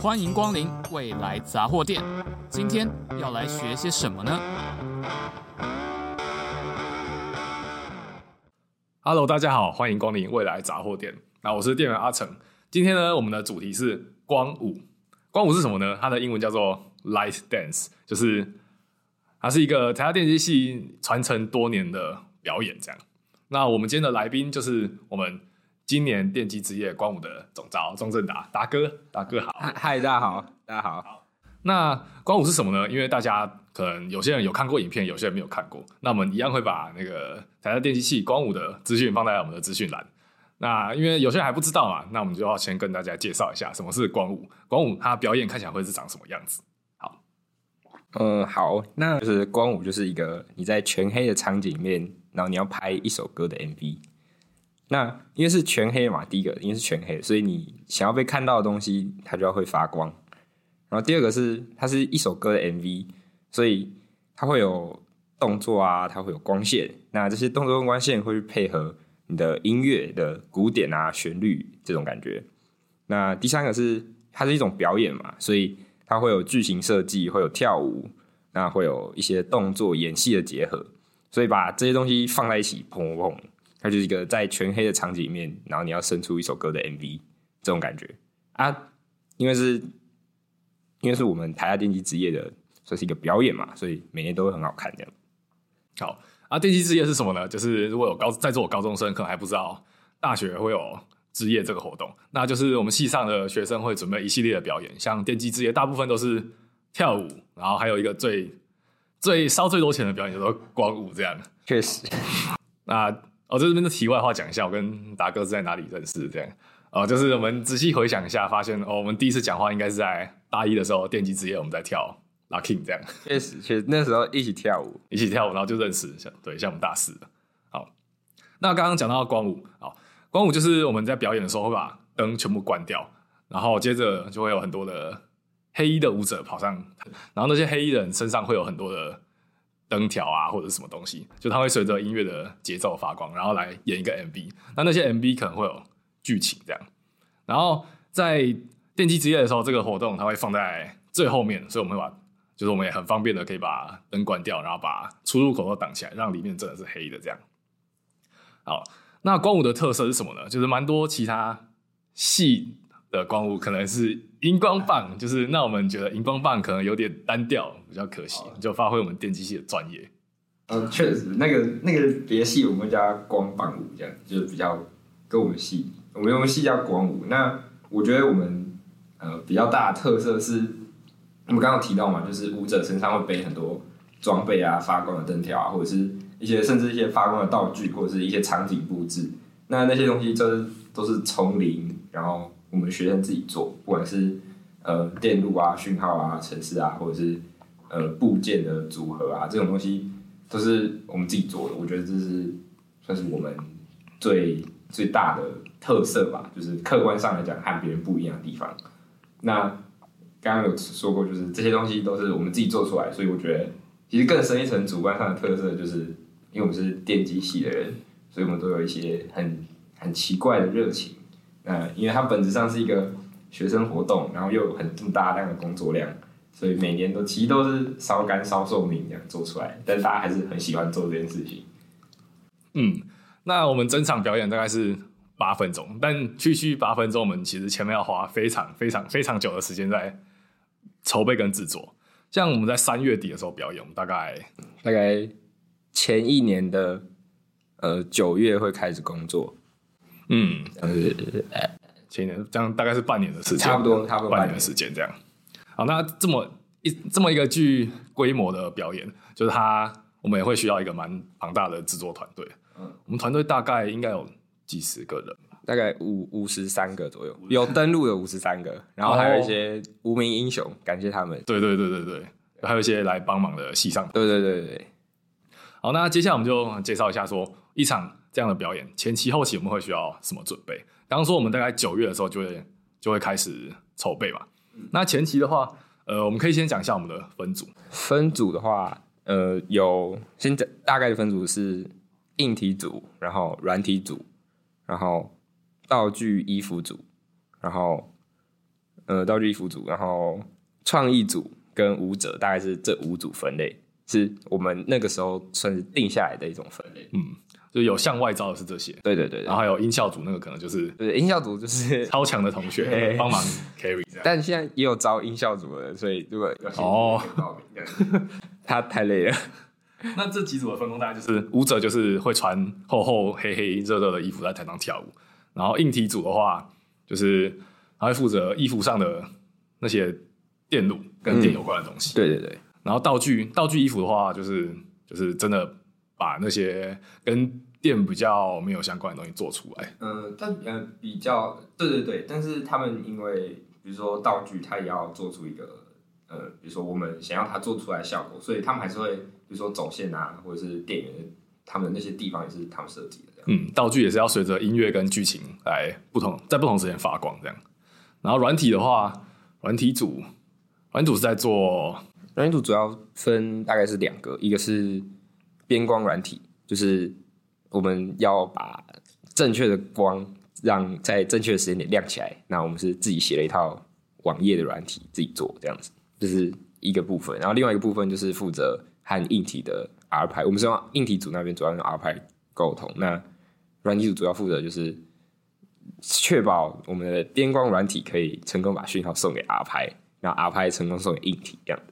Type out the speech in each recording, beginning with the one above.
歡迎光臨未來雜貨店，今天要來學些什麼呢？Hello，大家好，歡迎光臨未來雜貨店。那我是店員阿城，今天呢，我們的主題是光舞。光舞是什麼呢？它的英文叫做 Light Dance，就是它是一個臺大電機系傳承多年的表演這樣，那我們今天的來賓就是我們。今年電機之夜光舞的總召，莊政達達哥，達哥好，啊、嗨大家好，大家好，好。那光舞是什麼呢？因為大家可能有些人有看過影片，有些人沒有看過。那我們一樣會把那個台大電機系光舞的資訊放在我們的資訊欄。那因為有些人還不知道啊，那我們就要先跟大家介紹一下什麼是光舞，光舞它表演看起來會是長什麼樣子？好，嗯，好，那就是光舞就是一個你在全黑的場景裡面，然後你要拍一首歌的 MV。那因為是全黑嘛，第一個因為是全黑，所以你想要被看到的東西，它就要會發光。然後第二個是它是一首歌的 MV，所以它會有動作啊，它會有光線。那這些動作跟光線會配合你的音樂的鼓點啊、旋律這種感覺。那第三個是它是一種表演嘛，所以它會有劇情設計，會有跳舞，那會有一些動作、演戲的結合。所以把這些東西放在一起，砰砰砰。它就是一個在全黑的場景裡面，然後你要伸出一首歌的 MV 這種感覺啊，因為是，因為是我們台大電機之夜的，算是一個表演嘛，所以每年都會很好看這樣。好啊，電機之夜是什麼呢？就是如果有高在座，我高中生可能還不知道，大學會有之夜這個活動，那就是我們系上的學生會準備一系列的表演，像電機之夜大部分都是跳舞，然後還有一個最最燒最多錢的表演就是光舞這樣。確實，那、啊。哦，喔、這邊這邊的題外話講一下，我跟達哥是在哪裡認識？這樣啊、呃，就是我們仔細回想一下，發現哦、喔，我們第一次講話應該是在大一的時候，電機之夜我們在跳《Lucky》這樣，確實。其實那時候一起跳舞，一起跳舞，然後就認識一下。對，像我們大四。好，那剛剛講到的光舞，好，光舞就是我們在表演的時候會把燈全部關掉，然後接着就會有很多的黑衣的舞者跑上，然後那些黑衣人身上會有很多的。燈條啊，或者什麼東西，就它會隨着音樂的節奏發光，然後來演一個 MV。那那些 MV 可能會有劇情這樣，然後在電機之夜的時候，這個活動它會放在最後面，所以我們會把，就是我們也很方便的可以把燈關掉，然後把出入口都擋起來，讓裡面真的是黑的這樣。好，那光舞的特色是什麼呢？就是蠻多其他系的光舞可能是。熒光棒就是，那我們覺得熒光棒可能有點單調，比較可惜，就發揮我們電機系的專業。嗯，確實，那個那個別系我們叫光棒舞，這樣就是比較跟我們系，我們系叫光舞。那我覺得我們呃比較大的特色是，我們剛剛提到嘛，就是舞者身上會背很多裝備啊、發光的燈條啊，或者是一些甚至一些發光的道具，或者是一些場景布置。那那些東西都、就是、都是從零，然後。我們學生自己做，不管是呃電路啊、訊號啊、程式啊，或者是呃部件的組合啊，這種東西都是我們自己做的。我覺得這是算是我們最最大的特色吧，就是客觀上來講和別人不一樣的地方。那剛剛有說過，就是這些東西都是我們自己做出來，所以我覺得其實更深一層主觀上的特色，就是因為我們是電機系的人，所以我們都有一些很很奇怪的熱情。呃，因為它本質上是一個學生活動，然後又有很這麼大量的工作量，所以每年都其實都是燒乾燒壽命這樣做出來，但是大家還是很喜歡做這件事情。嗯，那我們整場表演大概是八分鐘，但區區八分鐘，我們其實前面要花非常非常非常久的時間在籌備跟制作。像我們在三月底的時候表演，我們大概、嗯、大概前一年的呃九月會開始工作。嗯，Okay. 前年這樣大概是半年的時間，差不多，差不多半年，半年的時間這樣。好，那這麼一這麼一個具規模的表演，就是他，我們也會需要一個蠻龐大的制作團隊。嗯，我們團隊大概應該有幾十個人，大概五五十三個左右，有登錄的五十三個， 然後還有一些無名英雄，感謝他們。對對對對對，還有一些來幫忙的系上。對,對對對對。好，那接下來我們就介紹一下說，說一場。這樣的表演，前期、後期我們會需要什麼準備？剛剛說我們大概九月的時候就會就會開始籌備吧。那前期的話，呃，我們可以先講一下我們的分組。分組的話，呃，有先講大概的分組是硬體組，然後軟體組，然後道具衣服組，然後呃道具衣服組，然後創意組跟舞者，大概是這五組分類，是我們那個時候算是定下來的一種分類。嗯。就有向外招的是這些，對，對對對，然後還有音效組，那個可能就是對，音效組就是超強的同學幫忙 carry。 但現在也有招音效組的，所以這個哦， 他太累了。那這幾組的分工大概就是，舞者就是會穿厚厚、黑黑、熱熱的衣服在台上跳舞，然後硬體組的話，就是他會負責衣服上的那些電路跟電有關的東西。嗯、對對對，然後道具道具衣服的話，就是就是真的。把那些跟電比較沒有相關的東西做出來。嗯，但嗯、呃，比較對對對，但是他們因為比如說道具，他也要做出一個呃，比如說我們想要他做出來的效果，所以他們還是會比如說走線啊，或者是電源，他們那些地方也是他們設計的。嗯，道具也是要隨着音樂跟劇情來不同，在不同時間發光這樣。然後軟體的話，軟體組，軟體組是在做軟體組，主要分大概是兩個，一個是。編光軟體就是我們要把正確的光讓在正確的時間點亮起來，那我們是自己寫了一套網頁的軟體自己做這樣子，這、就是一個部分。然後另外一個部分就是負責和硬體的 R-Pi，我們是用硬體組那邊主要用 R-Pi 溝通，那軟體組主要負責就是確保我們的編光軟體可以成功把訊號送給 R-Pi，然後 R-Pi 成功送給硬體這樣子。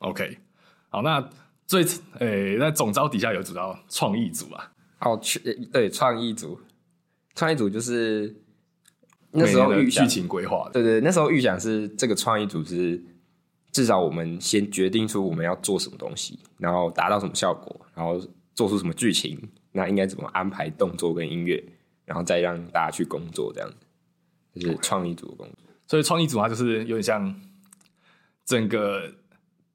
OK，好，那。最誒、欸，那總召底下有組叫創意組啊。哦、oh,，去對創意組，創意組就是那時候預想、那個、劇情規劃。對對，那時候預想是這個創意組是至少我們先決定出我們要做什麼東西，然後達到什麼效果，然後做出什麼劇情，那應該怎麼安排動作跟音樂，然後再讓大家去工作這樣子，就是創意組的工作。Oh. 所以創意組啊，就是有點像整個。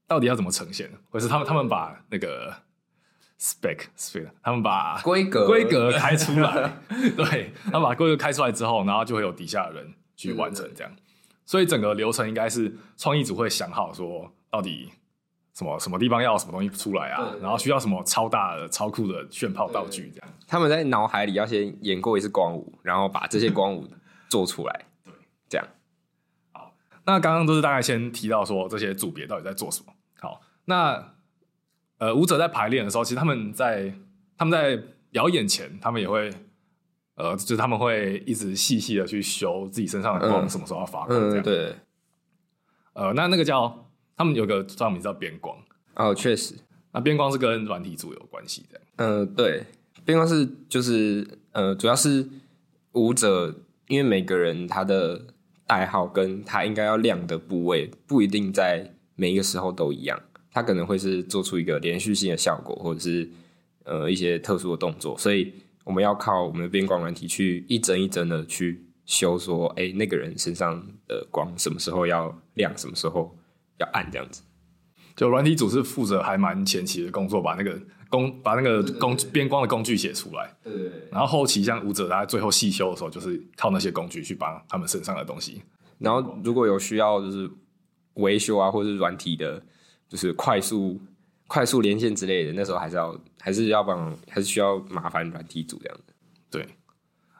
到底要怎麼呈現？可是他們他們把那個 spec，他們把規格規格開出來， 對，他們把規格開出來之後，然後就會有底下的人去完成這樣。所以整個流程應該是創意組會想好說，到底什麼什麼地方要什麼東西出來啊，然後需要什麼超大的超酷的炫炮道具這樣。他們在腦海裡要先演過一次光舞，然後把這些光舞做出來， 對，這樣。好，那剛剛都是大概先提到說這些組別到底在做什麼。好，那呃，舞者在排練的時候，其實他們在他們在表演前，他們也會呃，就是他們會一直細細的去修自己身上的光，嗯、什麼時候要發光這樣。嗯、對，呃，那那個叫他們有個專門叫編光啊，哦、確實，那編光是跟軟體組有關係的。嗯、呃，對，編光是就是呃，主要是舞者，因為每個人他的代號跟他應該要亮的部位不一定在每一個時候都一樣，它可能會是做出一個連續性的效果，或者是呃一些特殊的動作，所以我們要靠我們的編光軟體去一幀一幀的去修說，說、欸、哎那個人身上的光什麼時候要亮，嗯、什麼時候要暗這樣子。就軟體組是負責還蠻前期的工作，把那個工把那個工編光的工具寫出來。對對對對，然後後期像舞者，他最後細修的時候，就是靠那些工具去幫他們身上的東西。然後如果有需要，就是。維修啊，或者是軟體的，就是快速、快速連線之類的。那時候還是要，還是要幫，還是需要麻煩軟體組這樣的。對，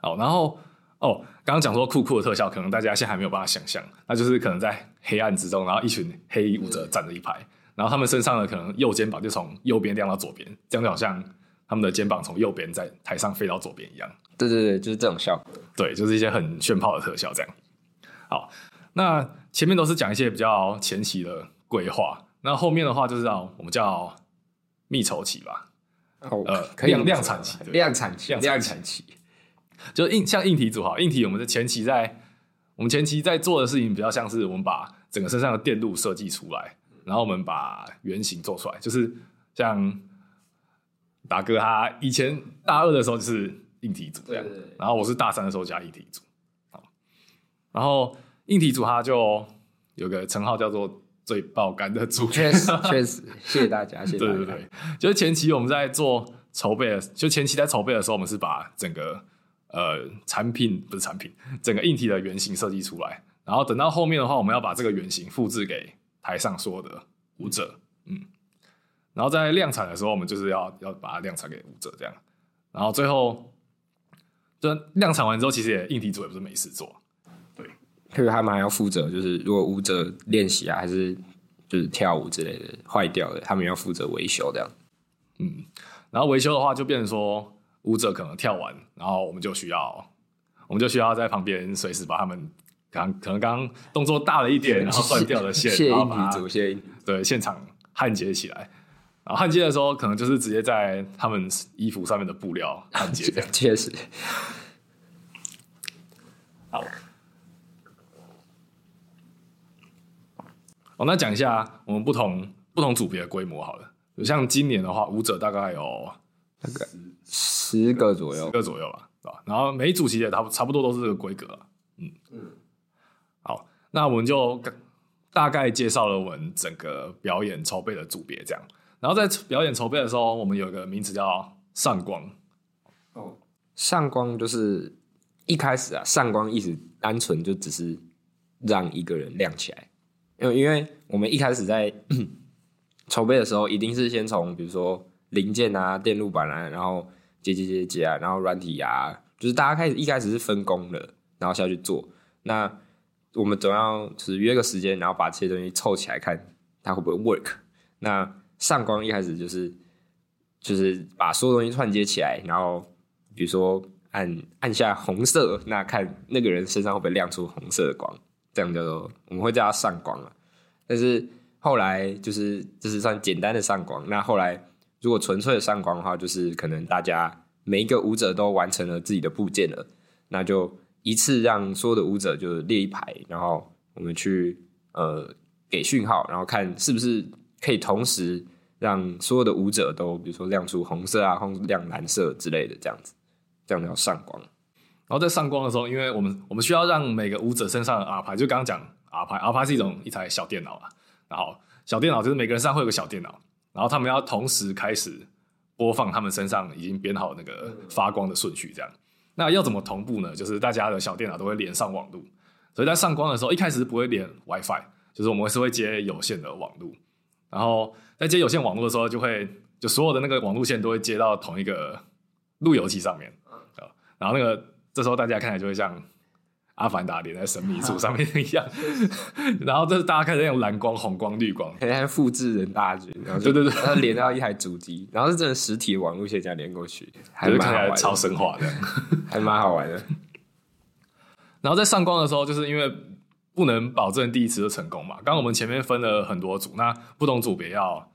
哦，然後哦，剛剛講說酷酷的特效，可能大家現在還沒有辦法想象，那就是可能在黑暗之中，然後一群黑衣舞者站着一排，對然後他們身上的可能右肩膀就從右邊亮到左邊，這樣就好像他們的肩膀從右邊在台上飛到左邊一樣。對對對，就是這種效果，對，就是一些很炫炮的特效這樣。好，那。前面都是講一些比較前期的規劃，那後面的話就是、啊嗯、我們叫密籌期吧，okay, 呃，量量產期，量產期，量產期，就硬像硬體組哈，硬體我們的前期在我們前期在做的事情比較像是我們把整個身上的電路設計出來，然後我們把原型做出來，就是像達哥他以前大二的時候就是硬體組這樣，對對對，然後我是大三的時候加硬體組，好，然後，硬體組它就有個稱號叫做最爆肝的組，確實確實，謝謝大家，謝謝大家。對對對，就是前期我們在做籌備的，就前期在籌備的時候，我們是把整個呃產品不是產品，整個硬體的原型設計出來，然後等到後面的話，我們要把這個原型複製給台上所有的舞者，嗯，然後在量產的時候，我們就是要要把它量產給舞者這樣，然後最後就量產完之後，其實也硬體組也不是沒事做。特別他們還要負責，就是如果舞者練習啊，還是就是跳舞之類的壞掉的，他們也要負責維修。這樣，嗯，然後維修的話，就變成說舞者可能跳完，然後我們就需要，我們就需要在旁邊隨時把他們，剛可能剛動作大了一點，然後斷掉了線，然後把它對現場焊接起來。然後焊接的時候，可能就是直接在他們衣服上面的布料焊接這樣，確實好。哦，那講一下我們不同不同組別的規模好了。就像今年的話，舞者大概有大概十個左右，十個左右吧，是吧？然後每一組其實也差不差不多都是這個規格，嗯，嗯，好，那我們就大概介紹了我們整個表演籌備的組別這樣。然後在表演籌備的時候，我們有一個名詞叫“上光”。哦，上光就是一開始啊，上光意思單純就只是讓一個人亮起來。因為，因為我們一開始在籌 備的時候，一定是先從比如說零件啊、電路板啊，然後接接接接啊，然後軟體啊，就是大家開始一開始是分工的，然後下去做。那我們總要就是約個時間，然後把這些東西湊起來看它會不會 work。那上光一開始就是就是把所有東西串接起來，然後比如說按按下紅色，那看那個人身上會不會亮出紅色的光。這樣叫做，我們會叫它上光了啊。但是後來就是，這是算簡單的上光。那後來如果純粹的上光的話，就是可能大家每一個舞者都完成了自己的部件了，那就一次讓所有的舞者就列一排，然後我們去呃給訊號，然後看是不是可以同時讓所有的舞者都，比如說亮出紅色啊，或亮藍色之類的這樣子，這樣子這樣要上光。然後在上光的時候，因為我們我們需要讓每個舞者身上的 R 牌，就剛剛講 R 牌，R 牌是一種一台小電腦啊。然後小電腦就是每個人身上會有個小電腦，然後他們要同時開始播放他們身上已經編好那個發光的順序，這樣。那要怎麼同步呢？就是大家的小電腦都會連上網絡，所以在上光的時候一開始不會連 WiFi，就是我們是會接有線的網絡。然後在接有線網絡的時候，就會就所有的那個網路線都會接到同一個路由器上面，然後那個。這時候大家看來就會像阿凡達連在神秘樹上面一樣、啊， 然後這是大家看著有藍光、紅光、綠光來複制人大局， 然後對對對他連到一台主機，然後是實體網絡線這樣連過去，還是看起來超神話的，還蠻好玩的。然後在上光的時候，就是因為不能保證第一次就成功嘛，剛剛我們前面分了很多組，那不同組別要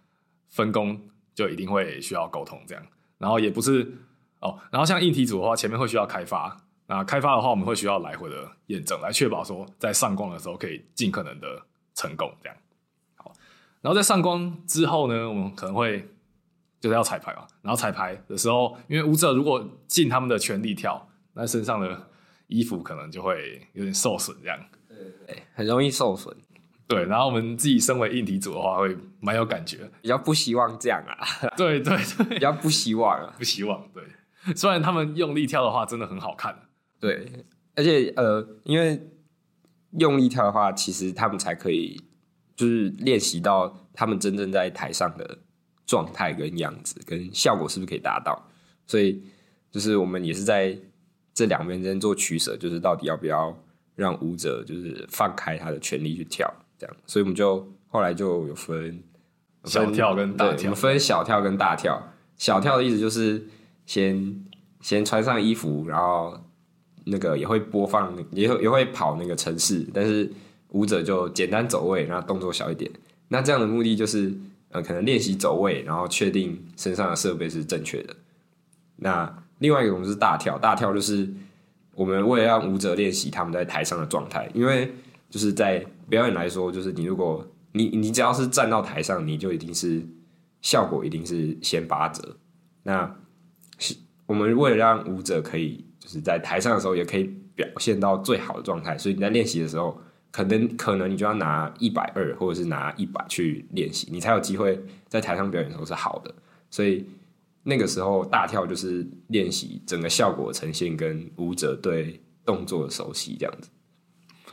分工，就一定會需要溝通這樣。然後也不是哦，然後像硬體組的話，前面會需要開發。啊，開發的話，我們會需要來回的驗證，來確保說在上光的時候可以盡可能的成功這樣。好，然後在上光之後呢，我們可能會就是要彩排啊。然後彩排的時候，因為舞者如果盡他們的全力跳，那身上的衣服可能就會有點受損這樣。對、欸、很容易受損。對，然後我們自己身為硬體組的話，會蠻有感覺，比較不希望這樣啊。 對對對，比較不希望、啊，不希望。對，雖然他們用力跳的話，真的很好看。對，而且呃，因為用力跳的話，其實他們才可以就是練習到他們真正在台上的狀態跟樣子跟效果是不是可以達到，所以就是我們也是在這兩邊之間做取捨，就是到底要不要讓舞者就是放開他的全力去跳，這樣，所以我們就後來就有分，有分小跳跟大跳，我們分小跳跟大跳，小跳的意思就是先先穿上衣服，然後。那個也會播放，也會也會跑那個程式，但是舞者就簡單走位，然後動作小一點。那這樣的目的就是，呃，可能練習走位，然後確定身上的設備是正確的。那另外一個我們是大跳，大跳就是我們為了讓舞者練習他們在台上的狀態，因為就是在表演來說，就是你如果你你只要是站到台上，你就一定是效果一定是先八折。那我們為了讓舞者可以。就是在台上的時候也可以表現到最好的狀態，所以你在練習的時候，可能可能你就要拿一百二或者是拿一百去練習，你才有機會在台上表演的時候是好的。所以那個時候大跳就是練習整個效果呈現跟舞者對動作的熟悉這樣子。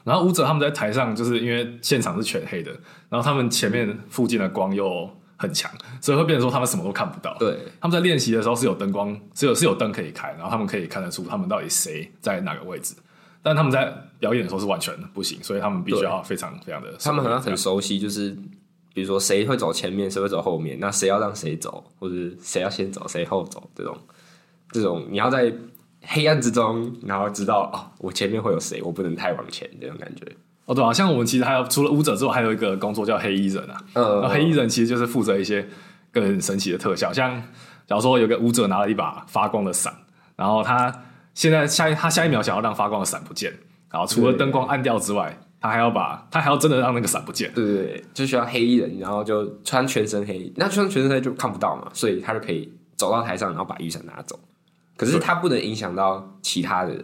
然後舞者他們在台上就是因為現場是全黑的，然後他們前面附近的光又很強，所以會變成說他們什麼都看不到。對，他們在練習的時候是有燈光，是有是有燈可以開，然後他們可以看得出他們到底誰在哪個位置。但他們在表演的時候是完全不行，所以他們必須要非常非常的熟悉，他們好像很熟悉，就是比如說誰會走前面，誰會走後面，那誰要讓誰走，或者誰要先走，誰後走這種這種，這種你要在黑暗之中，然後知道哦，我前面會有誰，我不能太往前這種感覺。哦、oh, 對啊，像我們其實還有除了舞者之外，還有一個工作叫黑衣人啊。嗯，uh, 黑衣人其實就是負責一些更神奇的特效，像假如說有個舞者拿了一把發光的傘，然後他現在下一他下一秒想要讓發光的傘不見，然後除了燈光暗掉之外，他還要把他還要真的讓那個傘不見。對對對，就需要黑衣人，然後就穿全身黑衣，那穿全身黑衣就看不到嘛，所以他就可以走到台上，然後把雨傘拿走。可是他不能影響到其他的人，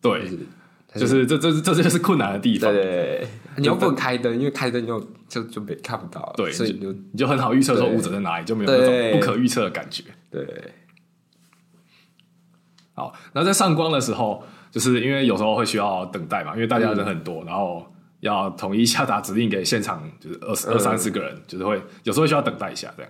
對。對就是這這這就是困難的地方。對，對，對，等你又不能開燈，因為開燈就就就被看不到。對，所以你就你就很好預測說舞者在哪裡，對就沒有那種不可預測的感覺。對，對。好，那在上光的時候，就是因為有時候會需要等待嘛，因為大家人很多，嗯、然後要統一下達指令給現場，就是二十、嗯、二三十個人，就是會有時候需要等待一下這樣。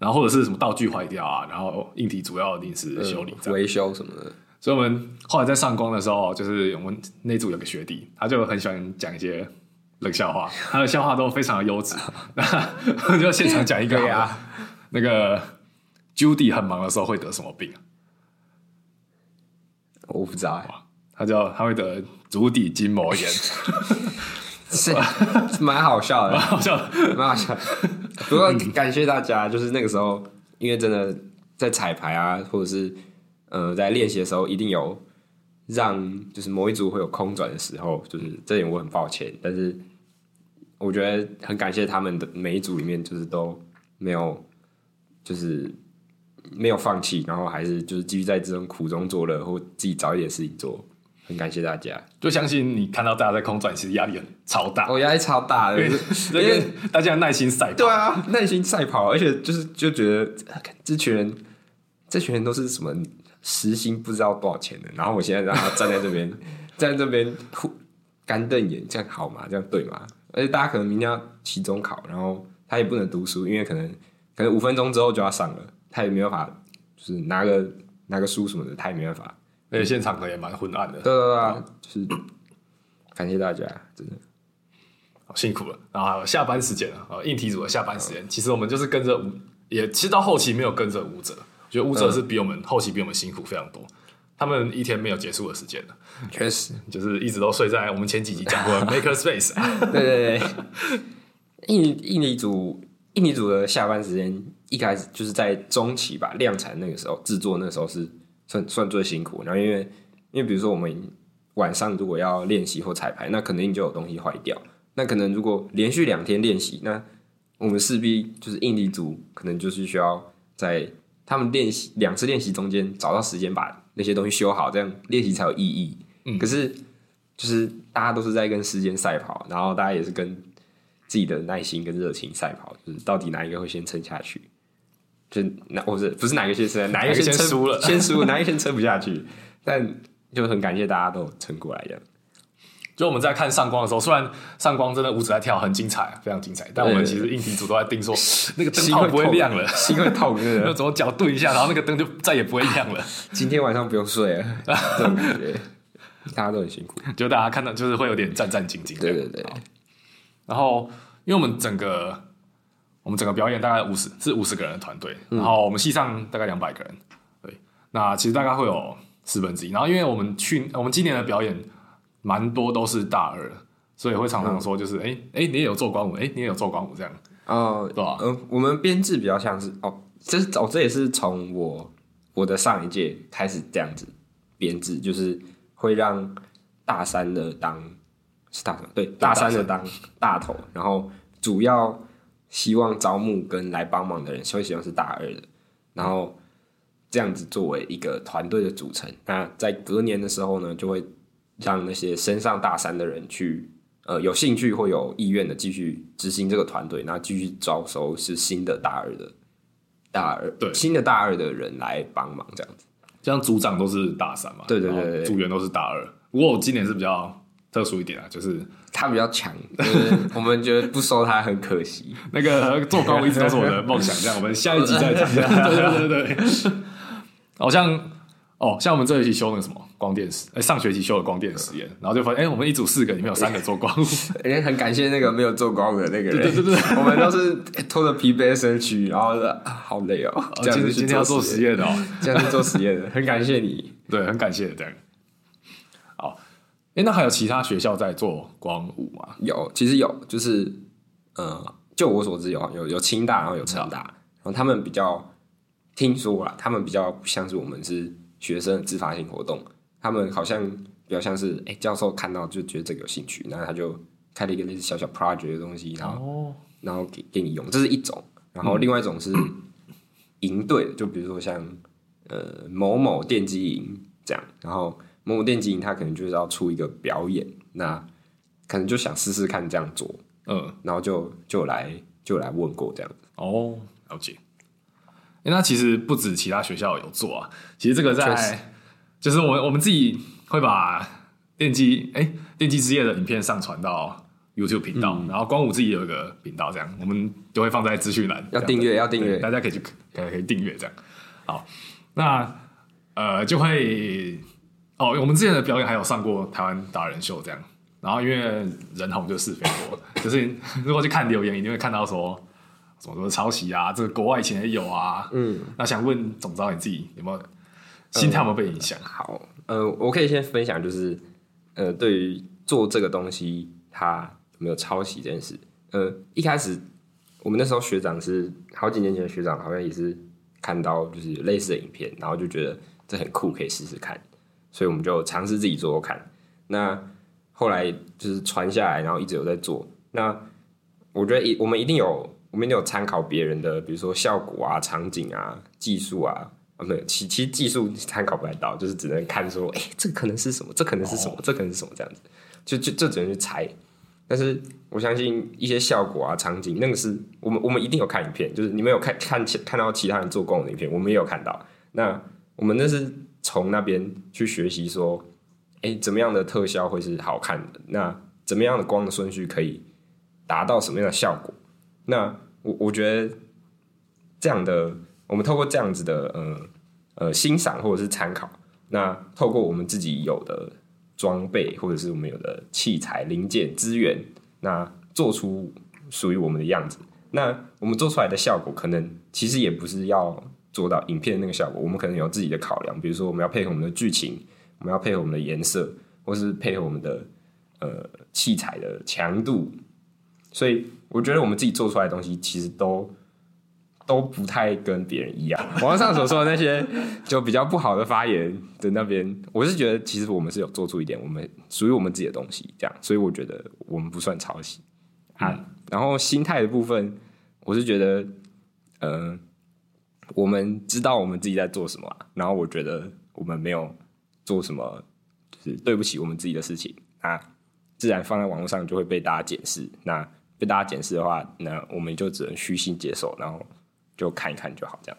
然後或者是什麼道具壞掉啊，然後硬體主要臨時修理、維、嗯、修什麼的。所以，我們後來在上光的時候，就是我們那組有個學弟，他就很喜歡講一些冷笑話， 他的笑話都非常的優質。我 就現場講一個、 啊、那個 Judy 很忙的時候會得什麼病、啊？我不知道、欸、哇他就，他會得足底筋膜炎，是蠻好,好笑的，蠻好笑的。 不過感謝大家，就是那個時候， 因為真的在彩排啊，或者是。呃，在練習的時候，一定有讓就是某一組會有空轉的時候，就是這點我很抱歉。但是我覺得很感謝他們的每一組裡面，就是都沒有，就是沒有放棄，然後還是就是繼續在這種苦中作樂，或自己找一點事情做。很感謝大家，就相信你看到大家在空轉，其實壓力很超大，哦，我壓力超大的，因為，因為大家耐心賽跑，對啊，耐心賽跑，而且就是就覺得這群人，這群人都是什麼？時薪不知道多少錢的，然後我現在讓他站在這邊， 站在這邊乾瞪眼，這樣好嗎？這樣對嗎？而且大家可能明天要期中考，然後他也不能讀書，因為可能可能五分鐘之後就要上了，他也沒有法，就是拿個拿個書什麼的，他也沒辦法。而且、欸、以現場可能也蠻昏暗的，對對對、啊，好就是感謝大家，真的好辛苦了。然後還有下班時間啊，硬體組的下班時間，好其實我們就是跟着舞，也其實到後期沒有跟着舞者。覺得舞者是比我們、嗯，、後期比我們辛苦非常多，他們一天沒有結束的時間的，確實就是一直都睡在我們前幾集講過 Maker Space、啊、 對對對， 硬硬體組硬體組的下班時間，一開始就是在中期吧，量產那個時候製作那個時候是算算最辛苦，然後因為因為比如說我們晚上如果要練習或彩排，那肯定就有東西壞掉，那可能如果連續兩天練習，那我們勢必就是硬體組可能就是需要在。他們練習兩次練習中間找到時間把那些東西修好，這樣練習才有意義。嗯，可是就是大家都是在跟時間賽跑，然後大家也是跟自己的耐心跟熱情賽跑，就是到底哪一個會先撐下去？就那不是不是哪個先撐，哪一個先輸了， 先輸，哪一個先撐不下去？ 但就很感謝大家都撐過來這樣。就我們在看上光的時候，雖然上光真的舞者在跳，很精彩，非常精彩，但我們其實硬體組都在盯說，對對對對，那個燈泡不會亮了，心會痛的， 痛是不是要怎麼腳對一下，然後那個燈就再也不會亮了。啊、今天晚上不用睡了，大家 都很辛苦，就大家看到就是會有點戰戰兢兢。對對對、對。然後，因為我們整個我們整個表演大概五十是五十個人的團隊，嗯、然後我們系上大概兩百個人，對，那其實大概會有四分之一。然後，因為我們去我們今年的表演。蠻多都是大二，所以會常常說就是，哎哎、嗯欸欸，你也有做光舞，哎、欸、你也有做光舞這樣，哦、呃，對嗯、啊呃，我們編制比較像是，哦，這是哦，這也是從我我的上一屆開始這樣子編制，就是會讓大三的當是大三，對，對大三的當大頭，大三然後主要希望招募跟來幫忙的人，所以希望是大二的，然後這樣子作為一個團隊的組成。嗯、那在隔年的時候呢，就會。讓那些升上大三的人去，呃，有興趣或有意願的繼續執行這個團隊，那繼續招收是新的大二的，大二對新的大二的人來幫忙這樣子。這樣組長都是大三嘛，對對對,對，組員都是大二。不過我今年是比較特殊一點啊，就是他比較強，就是、我們覺得不收他很可惜。 那個做高我一直都是我的夢想，這樣 我們下一集再講。 對,對對對對，好像哦，像我們這一期修那個什麼。光電實、欸，上學期修了光電實驗，然後就發現、欸，我們一組四個，裡面有三個做光舞、 欸，很感謝那個沒有做光的那個人。我們都是、欸、拖着疲憊身軀，然後、啊、好累哦、喔。今天好今天要做實驗的、喔、的，今天做實驗，很感謝你，對，很感謝。這樣，好，哎、欸，那還有其他學校在做光舞嗎？有，其實有，就是，呃、就我所知有，有有清大，然後有成大，好然後他們比較聽說啊，他們比較像是我們是學生的自發性活動。他們好像比較像是，哎、欸，教授看到就覺得這個有興趣，然後他就開了一個那小小 project 的東西，然後、哦、然後給給你用，這是一種。然後另外一種是營隊，嗯、就比如說像呃某某電機營這樣，然後某某電機營他可能就是要出一個表演，那可能就想試試看這樣做，嗯，然後就就來就來問過這樣子。哦，了解、欸。那其實不止其他學校有做啊，其實這個在。就是我，我們自己會把電機，欸，電機之夜的影片上傳到 YouTube 頻道，嗯、然後光舞自己有一個頻道，這樣我們就會放在資訊欄，要訂閱，對要訂閱，大家可以去可以可以訂閱，這樣好。那呃，就會哦，我們之前的表演還有上過台灣達人秀，這樣。然後因為人紅就是是非多，嗯、就是如果去看留言，一定會看到說，什麼什麼抄襲啊，這個國外以前也有啊，嗯。那想問，總召你自己有沒有？心態沒被影響，嗯。好，呃，我可以先分享，就是，呃，對於做這個東西，它有沒有抄襲這件事。呃，一開始我們那時候學長是好幾年前的學長，好像也是看到就是類似的影片，然後就覺得這很酷，可以試試看，所以我們就嘗試自己做做看。那後來就是傳下來，然後一直有在做。那我覺得一我們一定有，我們一定有參考別人的，比如說效果啊、場景啊、技術啊。啊，沒有，其其實技術參考不太到，就是只能看說，誒、欸，這可能是什麼，這可能是什麼，哦，、這可能是什麼這樣子，就就就只能去猜。但是我相信一些效果啊、場景，那個是我們我們一定有看影片，就是你們有看看看，看到其他人做光影的影片，我們也有看到。那我們那是從那邊去學習說，誒、欸，怎麼樣的特效會是好看的？那怎麼樣的光的順序可以達到什麼樣的效果？那我我覺得這樣的。我們透過這樣子的呃呃欣賞或者是參考，那透過我們自己有的裝備或者是我們有的器材零件資源，那做出屬於我們的樣子。那我們做出來的效果，可能其實也不是要做到影片的那個效果。我們可能有自己的考量，比如說我們要配合我們的劇情，我們要配合我們的顏色，或是配合我們的呃器材的強度。所以我覺得我們自己做出來的東西，其實都。都不太跟別人一樣，網上所說的那些就比較不好的發言的那邊， 我是覺得其實我們是有做出一點我們屬於我們自己的東西，這樣，所以我覺得我們不算抄襲、嗯、啊。然後心態的部分，我是覺得，嗯、呃，我們知道我們自己在做什麼，然後我覺得我們沒有做什麼就是對不起我們自己的事情啊，自然放在網絡上就會被大家檢視，那被大家檢視的話，那我們就只能虛心接受，然後。就看一看就好，這樣。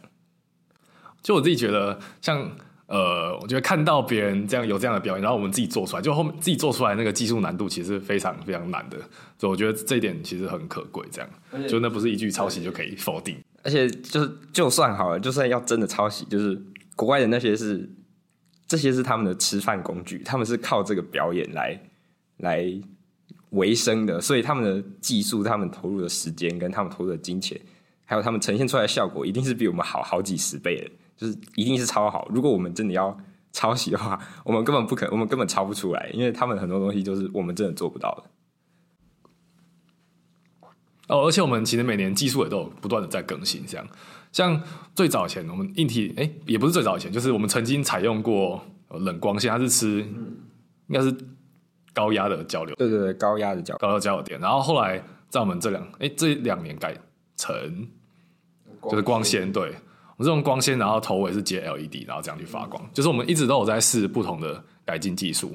就我自己覺得像，像呃，我覺得看到別人這樣有這樣的表演，然後我們自己做出來，就後面自己做出來那個技術難度其實非常非常難的，所以我覺得這一點其實很可貴，這樣。而且，就那不是一句抄襲就可以否定，而且就是就算好了，就算要真的抄襲，就是國外的那些是這些是他們的吃飯工具，他們是靠這個表演來來維生的，所以他們的技術，他們投入的時間跟他們投入的金錢。還有他們呈現出來的效果，一定是比我們好好幾十倍的，就是一定是超好。如果我們真的要抄襲的話，我們根本不可能，我們根本抄不出來，因為他們很多東西就是我們真的做不到的。哦，而且我們其實每年技術也都有不斷的在更新，這樣。像最早以前我們硬體，哎、欸，也不是最早以前，就是我們曾經採用過冷光線，它是吃、嗯、應該是高壓的，的，的交流，對對對，高壓的交流，高壓交流電。然後後來在我們這兩，哎、欸，這兩年改成。線就是光纖，對，我們這種光纖，然後頭尾是接 LED，然後這樣去發光。嗯、就是我們一直都有在試不同的改進技術。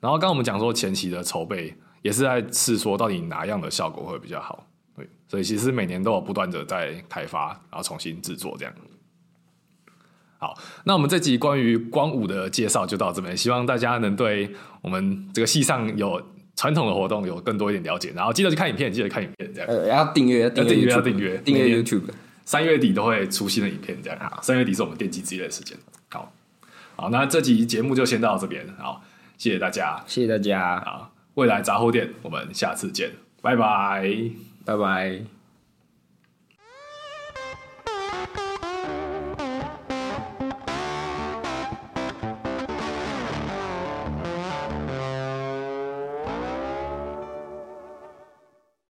然後剛才我們講說前期的籌備也是在試說到底哪樣的效果會比較好。對，所以其實每年都有不斷的在開發，然後重新製作這樣。好，那我們這集關於光舞的介紹就到這邊，希望大家能對我們這個系上有傳統的活動有更多一點了解。然後記得去看影片，記得看影片這樣。呃、要訂閱，訂閱，訂閱、呃，訂閱 YouTube, 閱 YouTube。三月底都會出新的影片，這樣。好三月底是我們電機之夜的時間。好，好，那這集節目就先到這邊。好，謝謝大家，謝謝大家。好，未來雜貨店，我們下次見，拜拜，拜拜。